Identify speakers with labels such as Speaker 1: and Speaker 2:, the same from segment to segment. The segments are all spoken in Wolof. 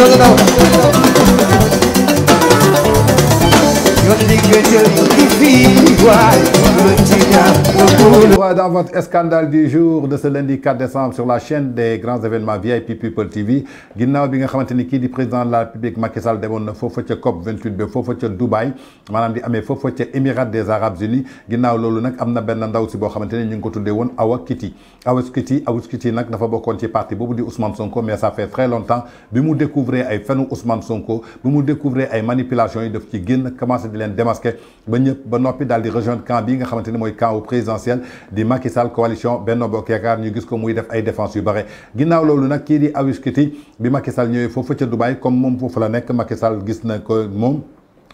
Speaker 1: ñoo ngi daw Dans votre scandale du jour de ce lundi 4 décembre sur la chaîne des grands événements VIP People TV ginnaaw bi nga xamante président de la République Macky Sall demoon na COP 28 Fofoche, Dubaï maanaam di Fofoche foofa Émirats des Arabes Unis ginnaaw loolu nag am na Bernanda, ndaw si boo xamante ni Awa Kitty Awa Kitty Awa Kiti. nag dafa bokkoon ci parti boobu di Ousmane Sonko mais ça fait très longtemps bi mu découvrir ay fenu Ousmane Sonko bi mu découvrir ay manipulations yi daf ci génn commencé de démasqué ba ñëpp ba di rejoindre camp bi nga camp présidentiel di Macky coalition Benno Bokk Yaakaar ñu gis ko muy def ay défense yu bare ginnaaw loolu nag kii di Awoush bi Macky Sall ñëwee Dubaï comme moom foofu la nekk Macky Sall gis na ko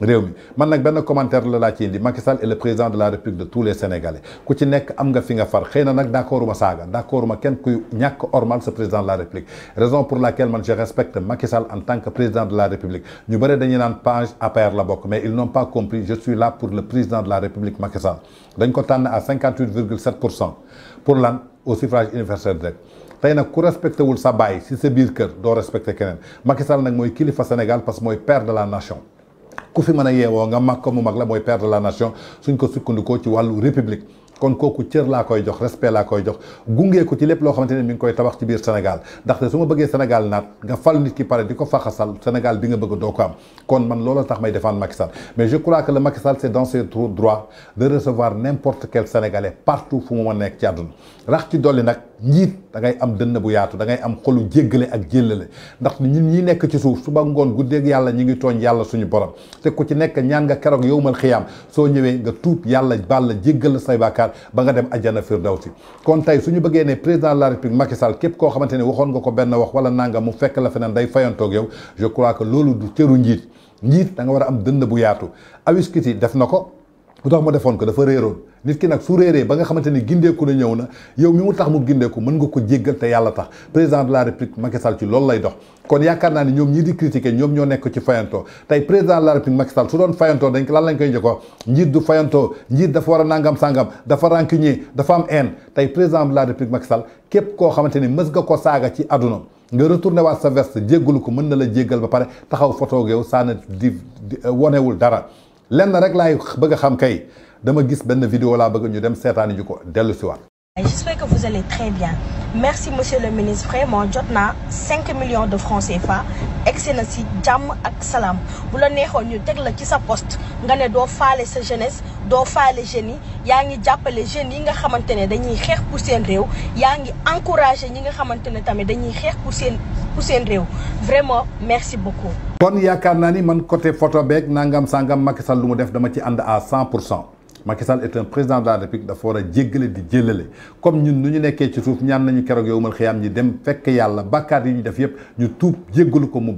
Speaker 1: réwmi Je man nak ben commentaire la la ci indi Macky Sall est le président de la république de tous les sénégalais ku ci nek am nga fi nga far xeyna nak d'accorduma saga d'accorduma ken kuy président de la république raison pour laquelle man je respecte Macky Sall en tant que président de la république ñu bari dañuy nane page perdre la bokk mais ils n'ont pas compris je suis là pour le président de la république Macky Sall dañ ko tànn à 58,7% pour le suffrage universel direct tey nag ku respecté wul sa si c'est birker, kër do respecter. kenen Macky Sall nak moy Sénégal parce que père de la nation ku fi mën a yeewoo nga mag ko mu mag la mooy père de la nation suñ ko sukkandikoo ci wàllu république kon kooku cër laa koy jox respect laa koy jox gungee ko ci lépp loo xamante ne mi ngi koy tabax ci biir Sénégal ndaxte su ma bëggee Sénégal naat nga fal nit ki pare di ko faxasal Sénégal bi nga bëgg doo ko am kon man loolu tax may défendre Macky Sall mais je crois que le Macky Sall c'est dans ses droits de recevoir n'importe quel Sénégalais partout fu mu mën nekk ci àdduna rax ci dolli nag njiit da am dënn bu yaatu da ngay am xolu jéggale ak jéllale ndax ñun ñi nekk ci suuf suba ngoon guddeeg yàlla ñi ngi tooñ yàlla suñu borom te ku ci nekk ñaan nga keroog yowmal xiyaam soo ñëwee nga tuub yàlla baal la jéggal say bàkkaar ba nga dem ajjana firdawsi kon tey suñu bëggee ne président de la république Macky képp koo xamante ne waxoon nga ko benn wax wala nanga mu fekk la feneen day fayantoog yow je crois que loolu du cëru njiit njiit da nga war a am dënd bu yaatu awis kiti def na ko lu tax ma defoon ko dafa réeroon nit ki nag su réeree ba nga xamante ni gindeeku na ñëw na yow mi mu tax mu gindeeku mën nga ko jéggal te yàlla tax président de la république Macky Sall ci loolu lay dox kon yaakaar naa ni ñoom ñii di critiquer ñoom ñoo nekk ci fayantoo tey président de la république Macky Sall su doon fayantoo dañ ko lan lañ koy njëkkoo njiit du fayantoo njiit dafa war a nangam sangam dafa rancunier dafa am haine tey président la république Macky Sall képp koo xamante ni mës nga ko saaga ci àdduna nga retourné waat sa veste jéggalu ko mën na la jéggal ba pare taxaw photo yow saa na di euh, wonewul dara lenn rek laay bëgg a xam kay dama gis benn vidéo laa bëgg ñu dem seetaani ju ko dellu si waat. J'espère que vous allez très bien merci monsieur le ministre vraiment jotna 5 millions de francs CFA egsi na si ak salam bu la neexoon ñu teg la ci sa poste nga né do faalé sa jeunesse do faalé jeunes yi yaa ngi jàppale yi nga xamantene dañuy xeex pour sen rew yaangi encourager ñi nga xamantene ne tamit dañuy xeex pour sen pour sen rew vraiment merci beaucoup. kon yakarna ni man côté photo beeg nangam sangam Macky Sall lu mu def dama ci ànd à 100 pour cent. Macky Sall est un président de la République de di comme ñun nu ñu nous ci suuf ñaan nañu kérok yowul mal ñi dem fekk yalla bakkar yi def ñu ko mu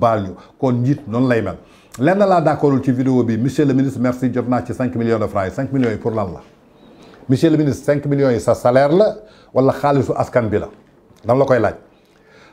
Speaker 1: vidéo monsieur le ministre merci nous ci 5 millions de francs 5 millions pour lan monsieur le ministre 5 millions sa salaire la wala nous askan bi la koy laaj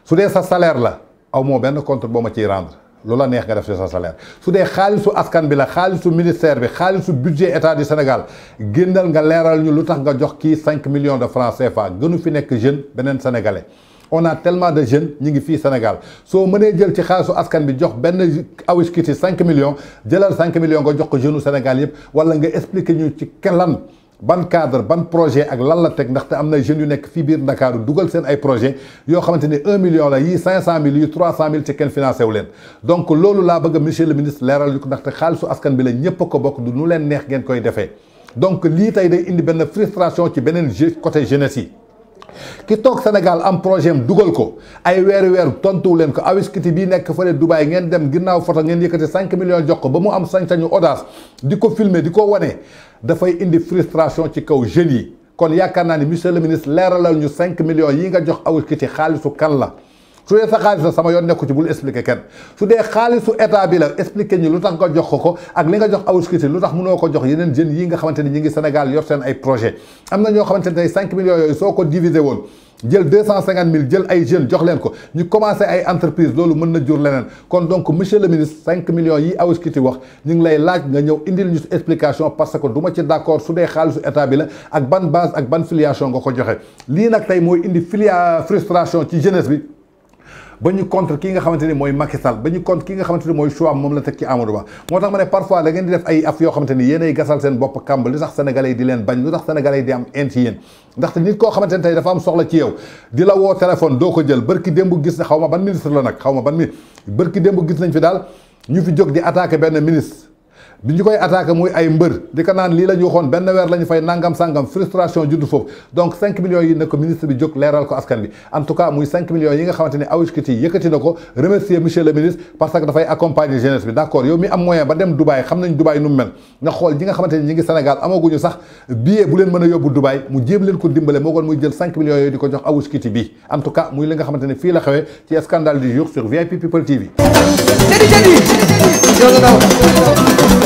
Speaker 1: su sa salaire la aw pas compte ma rendre lu la neex nga def ci sa salaire su dee xaalisu askan bi la xaalisu ministère bi xaalisu budget état du Sénégal génnal nga leeral ñu lu tax nga jox kii cinq millions de francs CFA gënu fi nekk jeune beneen sénégalais on a tellement de jeune ñi ngi fii Sénégal soo mënee jël ci xaalisu askan bi jox benn awis kiti cinq millions jëlal cinq millions nga jox ko jeune u Sénégal yëpp wala nga expliquer ñu ci kellan ban cadre ban projet ak lan la tek ndaxte am na jeunes yu nek fi bir dakar dugal sen ay projet yo xamanteni 1 million la yi cinq cent mille yii trois ci ken financer wu leen donc lolu la bëgg monsieur le ministre leral yu ko ndaxte xaalisu askan bi la ñëpp ko bok du nu len neex ngeen koy defé donc li tay day indi ben frustration ci benen côté jeunesse yi ki toog Sénégal am projet dugal ko ay weeri weer tontuwu leen ko awiskiti bi nekk fa fële Dubaï ngeen dem ginnaaw foto ngeen yëkkati cinq millions jox ko ba mu am sañ-sañu audace di ko filmer di ko wane dafay indi frustration ci kaw jeunes yi kon yaakaar naa ni monsieur le ministre leeralal ñu cinq millions yi nga jox awiskiti xaalisu kan la su dee sa xaalis la sama yoon nekku ci bul expliqué kenn su dee xaalisu état bi la expliqué ñu lu tax nga jox ko ko ak li nga jox Awoush lu tax mënoo ko jox yeneen jeunes yi nga xamante ni ñi ngi Sénégal yor seen ay projet am na ñoo xamante ne tey 5 millions yooyu soo ko divisé woon jël 250 000 jël ay jeunes jox leen ko ñu commencé ay entreprise loolu mën na jur leneen kon donc monsieur le ministre 5 millions yi Awoush wax ñu ngi lay laaj nga ñëw indil ñu explication parce que du ma ci d' accord su dee xaalisu état bi la ak ban base ak ban filiation nga ko joxe lii nag tey mooy indi filia frustration ci jeunesse bi ba ñu contre ki nga xamante ni mooy Macky Sall ba ñu contre ki nga xamante ni mooy choix moom la teg ci Amadou Ba moo tax ma ne parfois da ngeen di def ay af yoo xamante ni yéenay gasal seen bopp kàmb li tax sénégalais di leen bañ lu tax sénégalais di am int yéen ndaxte nit koo xamante ni tey dafa am soxla ci yow di la woo téléphone doo ko jël bërki démb gis na xaw ma ban ministre la nag xaw ma ban mi bërki démb gis nañ fi daal ñu fi jóg di attaqué benn ministre bi ñu koy attaqué muy ay mbër di ko naan lii la ñu waxoon benn weer la ñu fay nangam sangam frustration juddu foofu donc 5 millions yi ne ko ministre bi jóg leeral ko askan bi en muy 5 nga xamante ne awuskiti yëkkati na ko remercier monsieur le ministre parce que dafay accompagner jeunesse bi d' accord yow mi am moyen ba dem Dubaï xam nañ Dubaï nu mu mel nga xool ñi nga xamante ne ñi ngi Sénégal amaguñu sax billet bu leen mën a yóbbu Dubaï mu jéem en tout cas